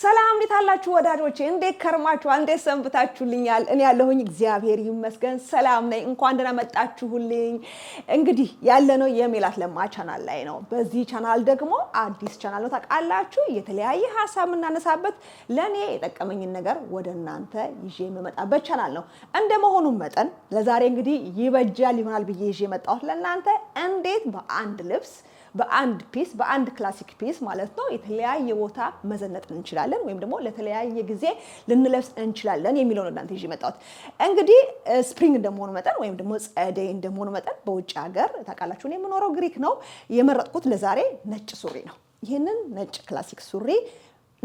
ሰላም እንዴት አላችሁ ወዳጆቼ? እንዴት ከርማችኋል? እንዴት ሰንብታችሁልኛል? እኔ ያለሁኝ እግዚአብሔር ይመስገን ሰላም ነኝ። እንኳን ደህና መጣችሁልኝ። እንግዲህ ያለነው የሜላት ለማ ቻናል ላይ ነው። በዚህ ቻናል ደግሞ አዲስ ቻናል ነው ታውቃላችሁ፣ የተለያየ ሀሳብ የምናነሳበት ለእኔ የጠቀመኝን ነገር ወደ እናንተ ይዤ የምመጣበት ቻናል ነው። እንደ መሆኑ መጠን ለዛሬ እንግዲህ ይበጃል ይሆናል ብዬ ይዤ የመጣሁት ለእናንተ እንዴት በአንድ ልብስ በአንድ ፒስ በአንድ ክላሲክ ፒስ ማለት ነው የተለያየ ቦታ መዘነጥ እንችላለን፣ ወይም ደግሞ ለተለያየ ጊዜ ልንለብስ እንችላለን የሚለው ነው እናንተ ይዤ መጣሁት። እንግዲህ ስፕሪንግ እንደመሆኑ መጠን ወይም ደግሞ ጸደይ እንደመሆኑ መጠን በውጭ ሀገር ታውቃላችሁ የምኖረው ግሪክ ነው። የመረጥኩት ለዛሬ ነጭ ሱሪ ነው። ይህንን ነጭ ክላሲክ ሱሪ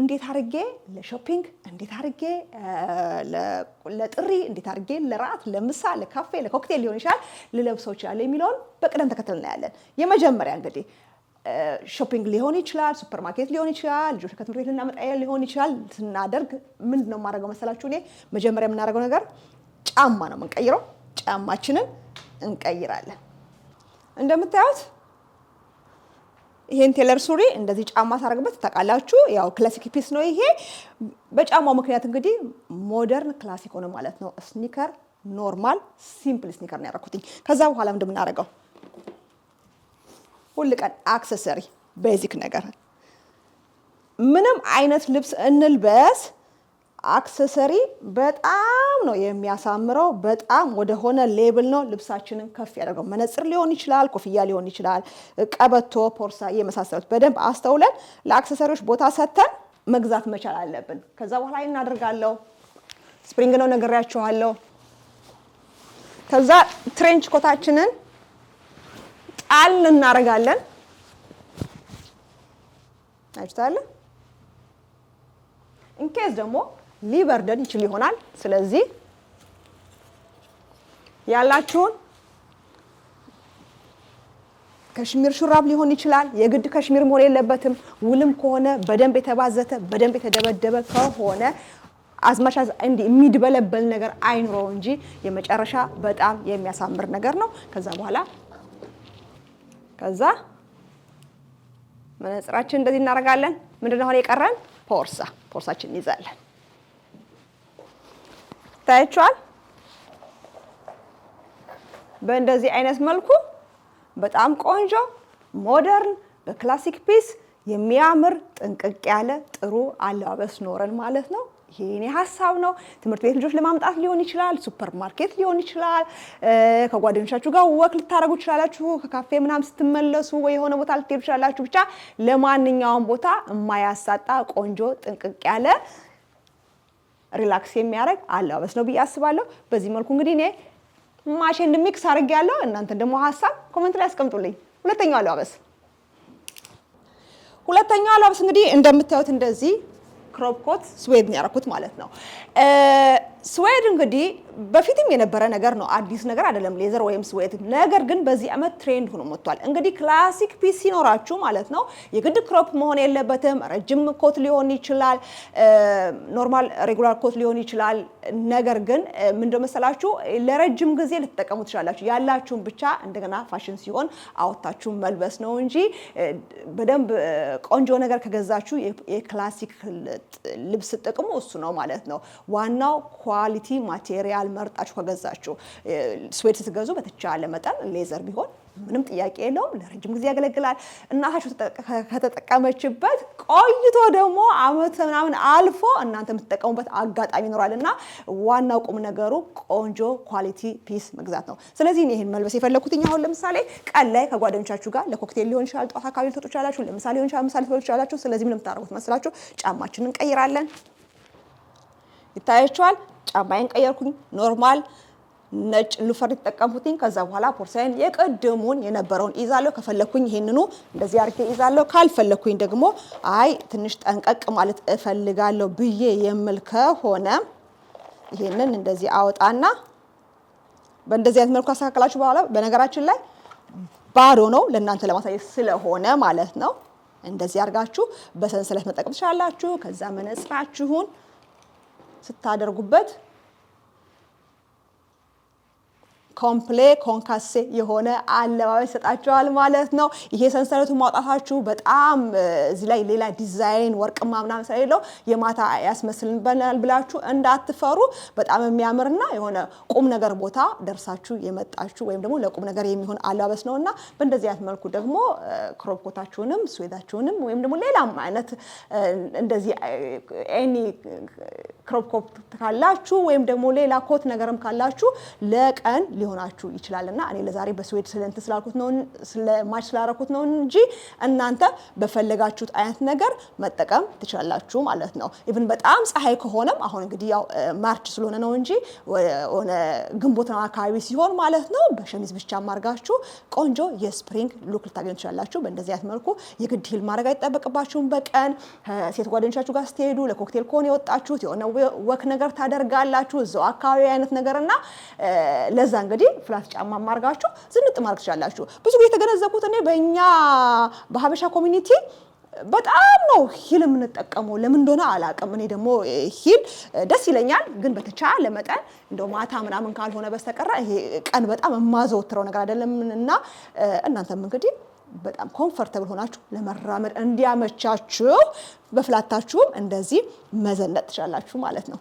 እንዴት አድርጌ ለሾፒንግ፣ እንዴት አድርጌ ለጥሪ፣ እንዴት አድርጌ ለራት፣ ለምሳ፣ ለካፌ፣ ለኮክቴል ሊሆን ይችላል ልለብሰው ይችላል የሚለውን በቅደም ተከተል እናያለን። የመጀመሪያ እንግዲህ ሾፒንግ ሊሆን ይችላል፣ ሱፐርማርኬት ሊሆን ይችላል፣ ልጆች ከትምህርት ቤት ልናመጣ ሊሆን ይችላል። ስናደርግ ምንድን ነው የማደርገው መሰላችሁ? እኔ መጀመሪያ የምናደርገው ነገር ጫማ ነው የምንቀይረው። ጫማችንን እንቀይራለን እንደምታዩት ይሄን ቴለር ሱሪ እንደዚህ ጫማ ሳረግበት ታውቃላችሁ። ያው ክላሲክ ፒስ ነው ይሄ። በጫማው ምክንያት እንግዲህ ሞደርን ክላሲክ ሆነ ማለት ነው። ስኒከር ኖርማል ሲምፕል ስኒከር ነው ያደረኩትኝ። ከዛ በኋላ እንደምናደርገው ሁል ቀን አክሰሰሪ ቤዚክ ነገር ምንም አይነት ልብስ እንልበስ አክሰሰሪ በጣም ነው የሚያሳምረው። በጣም ወደሆነ ሌብል ነው ልብሳችንን ከፍ ያደርገው። መነጽር ሊሆን ይችላል፣ ኮፍያ ሊሆን ይችላል፣ ቀበቶ፣ ፖርሳ የመሳሰሉት በደንብ አስተውለን ለአክሰሰሪዎች ቦታ ሰጥተን መግዛት መቻል አለብን። ከዛ በኋላ እናደርጋለው ስፕሪንግ ነው ነግሬያችኋለሁ። ከዛ ትሬንች ኮታችንን ጣል እናደርጋለን። አይችታለ ኢንኬዝ ደግሞ ሊበርደን ይችል ይሆናል። ስለዚህ ያላችሁን ከሽሚር ሹራብ ሊሆን ይችላል። የግድ ከሽሚር መሆን የለበትም። ውልም ከሆነ በደንብ የተባዘተ በደንብ የተደበደበ ከሆነ አዝማሻዝ እንዲ የሚድበለበል ነገር አይኑረው እንጂ የመጨረሻ በጣም የሚያሳምር ነገር ነው። ከዛ በኋላ ከዛ መነጽራችን እንደዚህ እናደርጋለን። ምንድን ነው የቀረን? ፖርሳ ፖርሳችን እንይዛለን። ታያችኋል። በእንደዚህ አይነት መልኩ በጣም ቆንጆ ሞደርን በክላሲክ ፒስ የሚያምር ጥንቅቅ ያለ ጥሩ አለባበስ ኖረን ማለት ነው። ይሄ የኔ ሀሳብ ነው። ትምህርት ቤት ልጆች ለማምጣት ሊሆን ይችላል፣ ሱፐር ማርኬት ሊሆን ይችላል፣ ከጓደኞቻችሁ ጋር ወክ ልታደርጉ ትችላላችሁ፣ ከካፌ ምናምን ስትመለሱ ወይ የሆነ ቦታ ልትሄዱ ይችላላችሁ። ብቻ ለማንኛውም ቦታ የማያሳጣ ቆንጆ ጥንቅቅ ያለ ሪላክስ የሚያደርግ አለባበስ ነው ብዬ አስባለሁ። በዚህ መልኩ እንግዲህ እኔ ማሽ ሚክስ አድርግ ያለው እናንተ ደግሞ ሀሳብ ኮመንት ላይ አስቀምጡልኝ። ሁለተኛው አለባበስ ሁለተኛው አለባበስ እንግዲህ እንደምታዩት እንደዚህ ክሮፕ ኮት ስዌድ ያደረኩት ማለት ነው። ስዌድ እንግዲህ በፊትም የነበረ ነገር ነው፣ አዲስ ነገር አይደለም። ሌዘር ወይም ስዌት ነገር ግን በዚህ ዓመት ትሬንድ ሆኖ መጥቷል። እንግዲህ ክላሲክ ፒስ ሲኖራችሁ ማለት ነው የግድ ክሮፕ መሆን የለበትም። ረጅም ኮት ሊሆን ይችላል፣ ኖርማል ሬጉላር ኮት ሊሆን ይችላል። ነገር ግን ምንድ መሰላችሁ ለረጅም ጊዜ ልትጠቀሙ ትችላላችሁ። ያላችሁን ብቻ እንደገና ፋሽን ሲሆን አወጣችሁ መልበስ ነው እንጂ በደንብ ቆንጆ ነገር ከገዛችሁ የክላሲክ ልብስ ጥቅሙ እሱ ነው ማለት ነው። ዋናው ኳሊቲ ማቴሪያል ኬሚካል መርጣችሁ ከገዛችሁ ስዌድ ስትገዙ በተቻለ መጠን ሌዘር ቢሆን ምንም ጥያቄ የለውም። ለረጅም ጊዜ ያገለግላል። እናታችሁ ከተጠቀመችበት ቆይቶ ደግሞ አመት ምናምን አልፎ እናንተ የምትጠቀሙበት አጋጣሚ ይኖራል እና ዋናው ቁም ነገሩ ቆንጆ ኳሊቲ ፒስ መግዛት ነው። ስለዚህ ይህን መልበስ የፈለግኩት አሁን ለምሳሌ ቀን ላይ ከጓደኞቻችሁ ጋር ለኮክቴል ሊሆን ይችላል፣ ጠዋት አካባቢ ልትወጡ ይችላላችሁ፣ ለምሳሌ ሊሆን ይችላል፣ ምሳሌ ትበሉ ይችላላችሁ። ስለዚህ ምንም የምታደርጉት መስላችሁ ጫማችን እንቀይራለን ይታያችኋል። ጫማዬን ቀየርኩኝ። ኖርማል ነጭ ሉፈር የተጠቀምኩትኝ። ከዛ በኋላ ቦርሳዬን የቅድሙን የነበረውን ይዛለሁ። ከፈለኩኝ ይህንኑ እንደዚህ አድርጌ ይዛለሁ። ካልፈለኩኝ ደግሞ አይ ትንሽ ጠንቀቅ ማለት እፈልጋለሁ ብዬ የምል ከሆነ ይህንን እንደዚህ አወጣና በእንደዚህ አይነት መልኩ አስተካከላችሁ በኋላ በነገራችን ላይ ባዶ ነው ለእናንተ ለማሳየት ስለሆነ ማለት ነው። እንደዚህ አድርጋችሁ በሰንሰለት መጠቀም ትችላላችሁ። ከዛ መነጽራችሁን ስታደርጉበት ኮምፕሌ ኮንካሴ የሆነ አለባበስ ይሰጣቸዋል ማለት ነው። ይሄ ሰንሰለቱ ማውጣታችሁ በጣም እዚህ ላይ ሌላ ዲዛይን ወርቅማ ምናምን ስለሌለው የማታ ያስመስልበናል ብላችሁ እንዳትፈሩ። በጣም የሚያምርና የሆነ ቁም ነገር ቦታ ደርሳችሁ የመጣችሁ ወይም ደግሞ ለቁም ነገር የሚሆን አለባበስ ነው እና በእንደዚህ አይነት መልኩ ደግሞ ክሮኮታችሁንም ስዌታችሁንም ወይም ደግሞ ሌላም አይነት እንደዚህ ኤኒ ክሮፕኮት ካላችሁ ወይም ደግሞ ሌላ ኮት ነገርም ካላችሁ ለቀን ሊሆናችሁ ይችላል እና እኔ ለዛሬ በስዌድ ስለንት ስላልኩት ነው ስለማች ስላረኩት ነው እንጂ እናንተ በፈለጋችሁት አይነት ነገር መጠቀም ትችላላችሁ ማለት ነው። ኢቭን በጣም ፀሐይ ከሆነም አሁን እንግዲህ ያው ማርች ስለሆነ ነው እንጂ ሆነ ግንቦት አካባቢ ሲሆን ማለት ነው በሸሚዝ ብቻ ማርጋችሁ ቆንጆ የስፕሪንግ ሉክ ልታገኙ ትችላላችሁ። በእንደዚህ አይነት መልኩ የግድ ሂል ማድረግ አይጠበቅባችሁም። በቀን ሴት ጓደኞቻችሁ ጋር ስትሄዱ ለኮክቴል ከሆነ የወጣችሁት የሆነ ወክ ነገር ታደርጋላችሁ እዛው አካባቢ አይነት ነገር እና ለዛ እንግዲህ እንግዲህ ፍላት ጫማ ማርጋችሁ ዝንጥ ማድረግ ትችላላችሁ። ብዙ ጊዜ የተገነዘብኩት እኔ በእኛ በሀበሻ ኮሚኒቲ በጣም ነው ሂል የምንጠቀመው። ለምን እንደሆነ አላውቅም። እኔ ደግሞ ሂል ደስ ይለኛል፣ ግን በተቻለ መጠን እንደው ማታ ምናምን ካልሆነ በስተቀረ ይሄ ቀን በጣም የማዘወትረው ነገር አይደለም እና እናንተም እንግዲህ በጣም ኮንፈርተብል ሆናችሁ ለመራመድ እንዲያመቻችሁ በፍላታችሁም እንደዚህ መዘነጥ ትችላላችሁ ማለት ነው።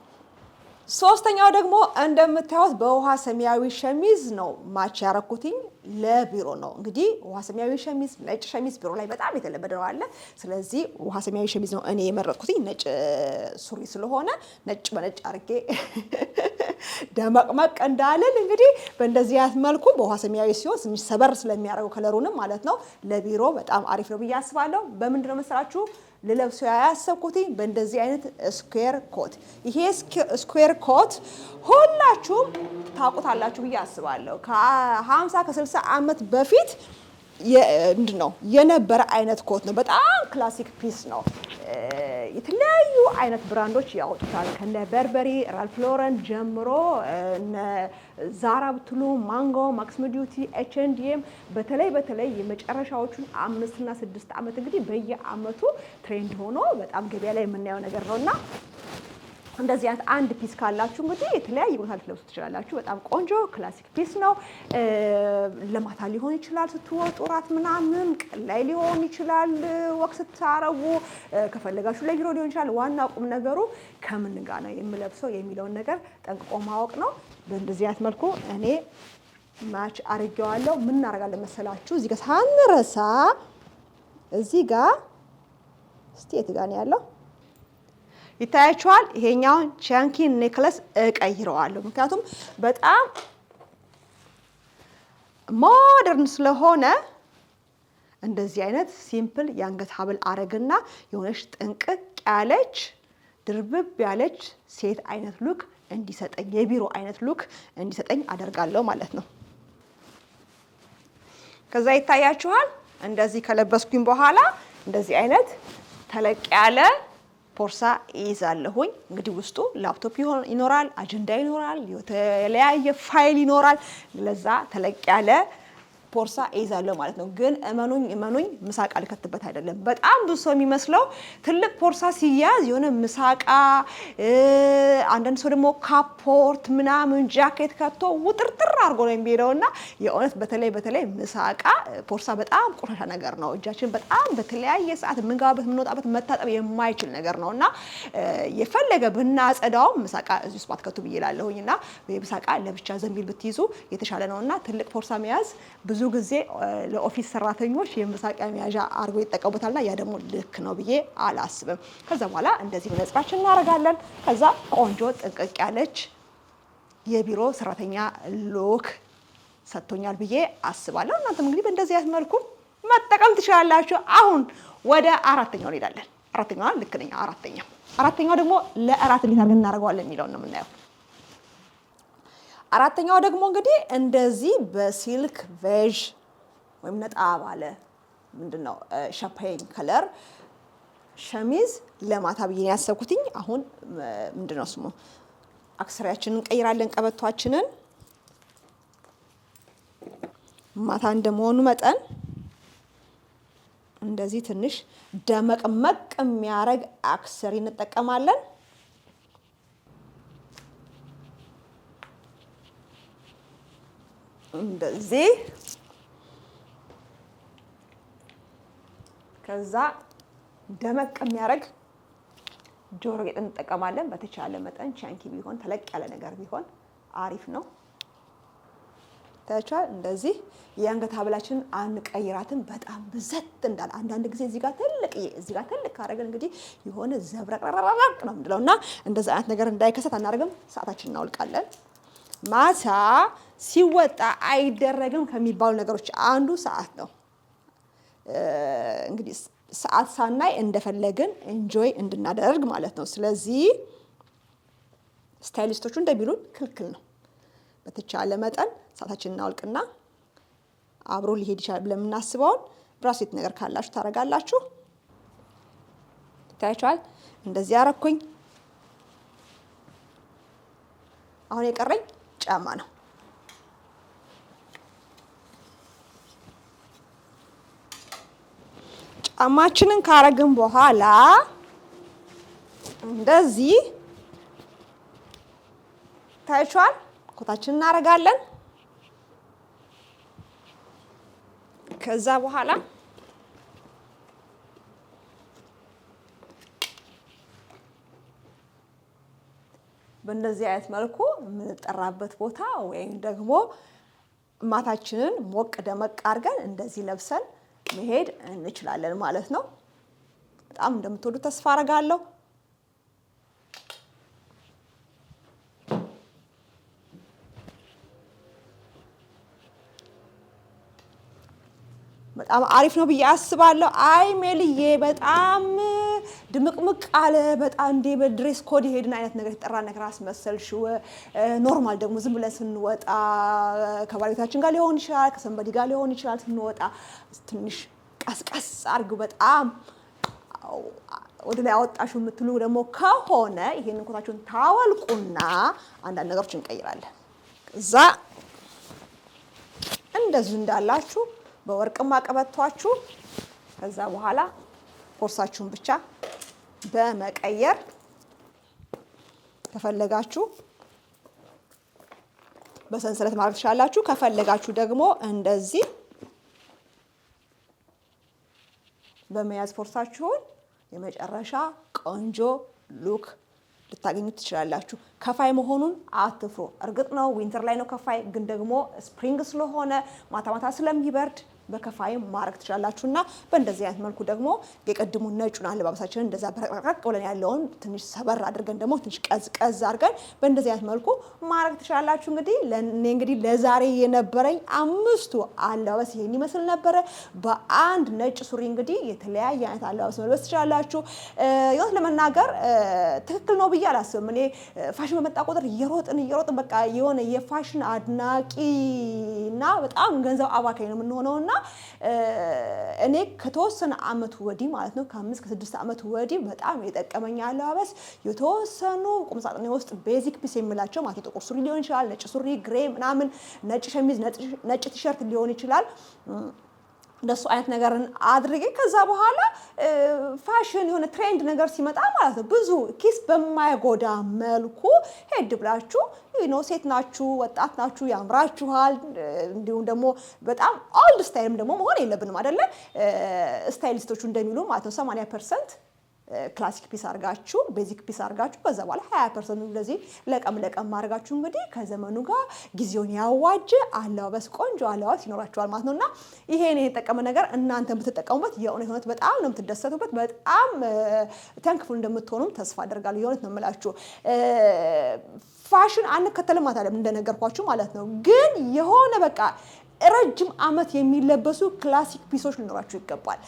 ሶስተኛው ደግሞ እንደምታዩት በውሃ ሰማያዊ ሸሚዝ ነው ማች ያረኩትኝ ለቢሮ ነው። እንግዲህ ውሃ ሰማያዊ ሸሚዝ፣ ነጭ ሸሚዝ ቢሮ ላይ በጣም የተለመደ ነው አለ። ስለዚህ ውሃ ሰማያዊ ሸሚዝ ነው እኔ የመረጥኩትኝ ነጭ ሱሪ ስለሆነ ነጭ በነጭ አርጌ ደመቅመቅ እንዳልል እንግዲህ በእንደዚህ አይነት መልኩ በውሃ ሰማያዊ ሲሆን ትንሽ ሰበር ስለሚያደርገው ከለሩንም ማለት ነው ለቢሮ በጣም አሪፍ ነው ብዬ አስባለሁ። በምንድን ነው መሰላችሁ ልለብሰው ያሰብኩትኝ በእንደዚህ አይነት ስኩዌር ኮት። ይሄ ስኩዌር ኮት ሁላችሁም ታውቁታላችሁ ብዬ አስባለሁ። ከ50 ከ60 ዓመት በፊት ምንድን ነው የነበረ አይነት ኮት ነው። በጣም ክላሲክ ፒስ ነው። የተለያዩ አይነት ብራንዶች ያወጡታል ከነ በርበሪ፣ ራልፍ ሎረን ጀምሮ ዛራ ብትሉ፣ ማንጎ፣ ማክስሞ ዲዩቲ፣ ኤች ኤንድ ኤም በተለይ በተለይ የመጨረሻዎቹን አምስትና ስድስት ዓመት እንግዲህ በየአመቱ ትሬንድ ሆኖ በጣም ገበያ ላይ የምናየው ነገር ነው እና እንደዚህ አይነት አንድ ፒስ ካላችሁ እንግዲህ የተለያየ ቦታ ልትለብሱ ትችላላችሁ። በጣም ቆንጆ ክላሲክ ፒስ ነው። ለማታ ሊሆን ይችላል ስትወጡ ራት ምናምን፣ ቀን ላይ ሊሆን ይችላል ወቅት ስታረጉ፣ ከፈለጋችሁ ለቢሮ ሊሆን ይችላል። ዋና ቁም ነገሩ ከምን ጋር ነው የምለብሰው የሚለውን ነገር ጠንቅቆ ማወቅ ነው። በእንደዚህ አይነት መልኩ እኔ ማች አድርጌዋለሁ። ምን እናደርጋለን መሰላችሁ? እዚህ ጋር ሳንረሳ እዚህ ጋር ስቴት ጋር ነው ያለው ይታያችኋል። ይሄኛውን ቻንኪን ኔክለስ እቀይረዋለሁ፣ ምክንያቱም በጣም ሞደርን ስለሆነ እንደዚህ አይነት ሲምፕል የአንገት ሀብል አረግና የሆነች ጥንቅቅ ያለች ድርብብ ያለች ሴት አይነት ሉክ እንዲሰጠኝ የቢሮ አይነት ሉክ እንዲሰጠኝ አደርጋለሁ ማለት ነው። ከዛ ይታያችኋል። እንደዚህ ከለበስኩኝ በኋላ እንደዚህ አይነት ተለቅ ያለ ቦርሳ ይይዛለሁኝ። እንግዲህ ውስጡ ላፕቶፕ ይኖራል፣ አጀንዳ ይኖራል፣ የተለያየ ፋይል ይኖራል። ለዛ ተለቅ ያለ ቦርሳ እይዛለሁ ማለት ነው። ግን እመኑኝ እመኑኝ ምሳቃ ልከትበት አይደለም። በጣም ብዙ ሰው የሚመስለው ትልቅ ቦርሳ ሲያዝ የሆነ ምሳቃ፣ አንዳንድ ሰው ደግሞ ካፖርት ምናምን ጃኬት ከቶ ውጥርጥር አድርጎ ነው የሚሄደው እና የእውነት በተለይ በተለይ ምሳቃ ቦርሳ በጣም ቆሻሻ ነገር ነው። እጃችን በጣም በተለያየ ሰዓት የምንገባበት የምንወጣበት መታጠብ የማይችል ነገር ነው እና የፈለገ ብናጸዳውም ምሳቃ እዚህ ውስጥ ባትከቱ ብዬ እላለሁኝ እና ምሳቃ ለብቻ ዘንቢል ብትይዙ የተሻለ ነው እና ትልቅ ቦርሳ መያዝ ብዙ ጊዜ ለኦፊስ ሰራተኞች የመሳቂያ መያዣ አድርጎ ይጠቀሙታልና ያ ደግሞ ልክ ነው ብዬ አላስብም። ከዛ በኋላ እንደዚህ መነጽራችን እናደርጋለን። ከዛ ቆንጆ ጥንቅቅ ያለች የቢሮ ሰራተኛ ሎክ ሰጥቶኛል ብዬ አስባለሁ። እናንተም እንግዲህ በእንደዚህ አይነት መልኩ መጠቀም ትችላላችሁ። አሁን ወደ አራተኛው እንሄዳለን። አራተኛዋ ልክ ነኝ። አራተኛው አራተኛው ደግሞ ለእራት እንዴት አድርገን እናደርገዋለን የሚለውን ነው የምናየው። አራተኛው ደግሞ እንግዲህ እንደዚህ በሲልክ ቬዥ ወይም ነጣ ባለ ምንድን ነው ከለር ሸሚዝ ለማታ ብዬ ያሰብኩትኝ። አሁን ምንድን ነው ስሙ አክሰሪያችንን እንቀይራለን፣ ቀበቷችንን ማታ እንደመሆኑ መጠን እንደዚህ ትንሽ ደመቅመቅ የሚያደርግ አክሰሪ እንጠቀማለን። እንደዚህ ከዛ ደመቅ የሚያደርግ ጆሮ ጌጥ እንጠቀማለን። በተቻለ መጠን ቻንኪ ቢሆን ተለቅ ያለ ነገር ቢሆን አሪፍ ነው። ታያችኋል። እንደዚህ የአንገት ሀብላችንን አንቀይራትን በጣም ብዘት እንዳለ አንዳንድ ጊዜ እዚህ ጋር ትልቅ እዚህ ጋር ትልቅ ካደረግን እንግዲህ የሆነ ዘብረቅረቅረቅ ነው የምንለው እና እንደዚህ አይነት ነገር እንዳይከሰት አናደርግም። ሰዓታችን እናውልቃለን። ማታ ሲወጣ አይደረግም ከሚባሉ ነገሮች አንዱ ሰዓት ነው። እንግዲህ ሰዓት ሳናይ እንደፈለግን ኤንጆይ እንድናደርግ ማለት ነው። ስለዚህ ስታይሊስቶቹ እንደሚሉን ክልክል ነው። በተቻለ መጠን ሰዓታችን እናውልቅና አብሮ ሊሄድ ይችላል ብለን የምናስበውን ብራሴት ነገር ካላችሁ ታደርጋላችሁ። ይታያችኋል። እንደዚህ አረኩኝ። አሁን የቀረኝ ጫማ ነው። ጫማችንን ካረግን በኋላ እንደዚህ ታይቷል። ኮታችንን እናረጋለን። ከዛ በኋላ በእንደዚህ አይነት መልኩ የምንጠራበት ቦታ ወይም ደግሞ ማታችንን ሞቅ ደመቅ አድርገን እንደዚህ ለብሰን መሄድ እንችላለን ማለት ነው። በጣም እንደምትወዱ ተስፋ አረጋለሁ። በጣም አሪፍ ነው ብዬ አስባለሁ። አይ ሜልዬ በጣም ድምቅምቅ አለ በጣም እንዴ በድሬስ ኮድ የሄድን አይነት ነገር የተጠራ ነገር አስመሰልሽ። ኖርማል ደግሞ ዝም ብለን ስንወጣ ከባለቤታችን ጋር ሊሆን ይችላል፣ ከሰንበዲ ጋር ሊሆን ይችላል። ስንወጣ ትንሽ ቀስቀስ አድርጊው በጣም ወደ ላይ አወጣሽው የምትሉ ደግሞ ከሆነ ይሄንን ኮታችሁን ታወልቁና አንዳንድ ነገሮች እንቀይራለን። እዛ እንደዚህ እንዳላችሁ በወርቅማ አቀበቷችሁ ከዛ በኋላ ቦርሳችሁን ብቻ በመቀየር ከፈለጋችሁ በሰንሰለት ማድረግ ትችላላችሁ። ከፈለጋችሁ ደግሞ እንደዚህ በመያዝ ፎርሳችሁን የመጨረሻ ቆንጆ ሉክ ልታገኙ ትችላላችሁ። ከፋይ መሆኑን አትፍሩ። እርግጥ ነው ዊንተር ላይ ነው ከፋይ፣ ግን ደግሞ ስፕሪንግ ስለሆነ ማታ ማታ ስለሚበርድ በከፋይም ማድረግ ትችላላችሁ እና በእንደዚህ አይነት መልኩ ደግሞ የቀድሙ ነጩን አለባበሳችን እንደዛ በረቀቅ ብለን ያለውን ትንሽ ሰበር አድርገን ደግሞ ትንሽ ቀዝቀዝ አድርገን በእንደዚህ አይነት መልኩ ማድረግ ትችላላችሁ። እንግዲህ ለእኔ እንግዲህ ለዛሬ የነበረኝ አምስቱ አለባበስ ይሄን ይመስል ነበረ። በአንድ ነጭ ሱሪ እንግዲህ የተለያየ አይነት አለባበስ መልበስ ትችላላችሁ። ይወት ለመናገር ትክክል ነው ብዬ አላስብም። እኔ ፋሽን በመጣ ቁጥር እየሮጥን እየሮጥን በቃ የሆነ የፋሽን አድናቂ እና በጣም ገንዘብ አባካኝ ነው የምንሆነውና እኔ ከተወሰነ አመት ወዲህ ማለት ነው ከአምስት ከስድስት አመት ወዲህ በጣም የጠቀመኝ አለባበስ የተወሰኑ ቁምሳጥኔ ውስጥ ቤዚክ ፒስ የሚላቸው ማለት ጥቁር ሱሪ ሊሆን ይችላል፣ ነጭ ሱሪ፣ ግሬ ምናምን፣ ነጭ ሸሚዝ፣ ነጭ ቲሸርት ሊሆን ይችላል እንደሱ አይነት ነገርን አድርጌ ከዛ በኋላ ፋሽን የሆነ ትሬንድ ነገር ሲመጣ ማለት ነው ብዙ ኪስ በማይጎዳ መልኩ ሄድ ብላችሁ ኖ ሴት ናችሁ፣ ወጣት ናችሁ፣ ያምራችኋል። እንዲሁም ደግሞ በጣም ኦልድ ስታይልም ደግሞ መሆን የለብንም አይደለ? ስታይሊስቶቹ እንደሚሉ ማለት ነው ሰማንያ ፐርሰንት ክላሲክ ፒስ አርጋችሁ ቤዚክ ፒስ አርጋችሁ ከዛ በኋላ ሀያ ፐርሰንቱ እንደዚህ ለቀም ለቀም አርጋችሁ እንግዲህ ከዘመኑ ጋር ጊዜውን ያዋጀ አለባበስ ቆንጆ አለባበስ ይኖራችኋል ማለት ነው። እና ይሄን የተጠቀመ ነገር እናንተ የምትጠቀሙበት የእውነት እውነት በጣም ነው የምትደሰቱበት። በጣም ተንክፉል እንደምትሆኑም ተስፋ አደርጋለሁ። የእውነት ነው የምላችሁ። ፋሽን አንከተልም አታለም እንደነገርኳችሁ ማለት ነው። ግን የሆነ በቃ ረጅም አመት የሚለበሱ ክላሲክ ፒሶች ሊኖራችሁ ይገባል።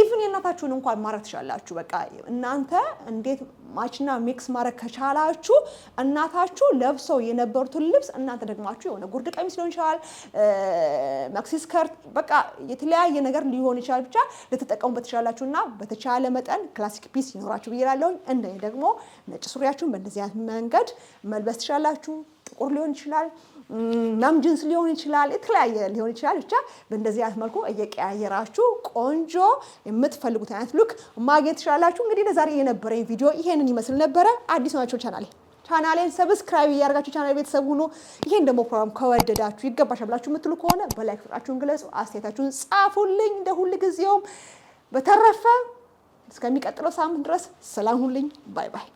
ኢቭን የእናታችሁን እንኳን ማድረግ ትችላላችሁ። በቃ እናንተ እንዴት ማችና ሚክስ ማድረግ ከቻላችሁ እናታችሁ ለብሰው የነበሩትን ልብስ እናንተ ደግማችሁ የሆነ ጉርድ ቀሚስ ሊሆን ይችላል፣ መክሲስ ከርት፣ በቃ የተለያየ ነገር ሊሆን ይችላል። ብቻ ልትጠቀሙበት ትችላላችሁ እና በተቻለ መጠን ክላሲክ ፒስ ይኖራችሁ ብዬ እንደ ደግሞ ነጭ ሱሪያችሁን በእንደዚህ አይነት መንገድ መልበስ ትችላላችሁ። ጥቁር ሊሆን ይችላል ናም ጅንስ ሊሆን ይችላል፣ የተለያየ ሊሆን ይችላል። ብቻ በእንደዚህ አይነት መልኩ እየቀያየራችሁ ቆንጆ የምትፈልጉት አይነት ሉክ ማግኘት ትችላላችሁ። እንግዲህ ለዛሬ የነበረኝ ቪዲዮ ይሄንን ይመስል ነበረ። አዲስ ናቸው ቻናሌ ቻናሌን ሰብስክራይብ እያደርጋችሁ ቻናል ቤተሰብ ሁኑ። ይሄን ደግሞ ፕሮግራም ከወደዳችሁ ይገባሻል ብላችሁ የምትሉ ከሆነ በላይክ ፍቅራችሁን ግለጹ፣ አስተያየታችሁን ጻፉልኝ። እንደ ሁል ጊዜውም በተረፈ እስከሚቀጥለው ሳምንት ድረስ ሰላም ሁልኝ። ባይ ባይ።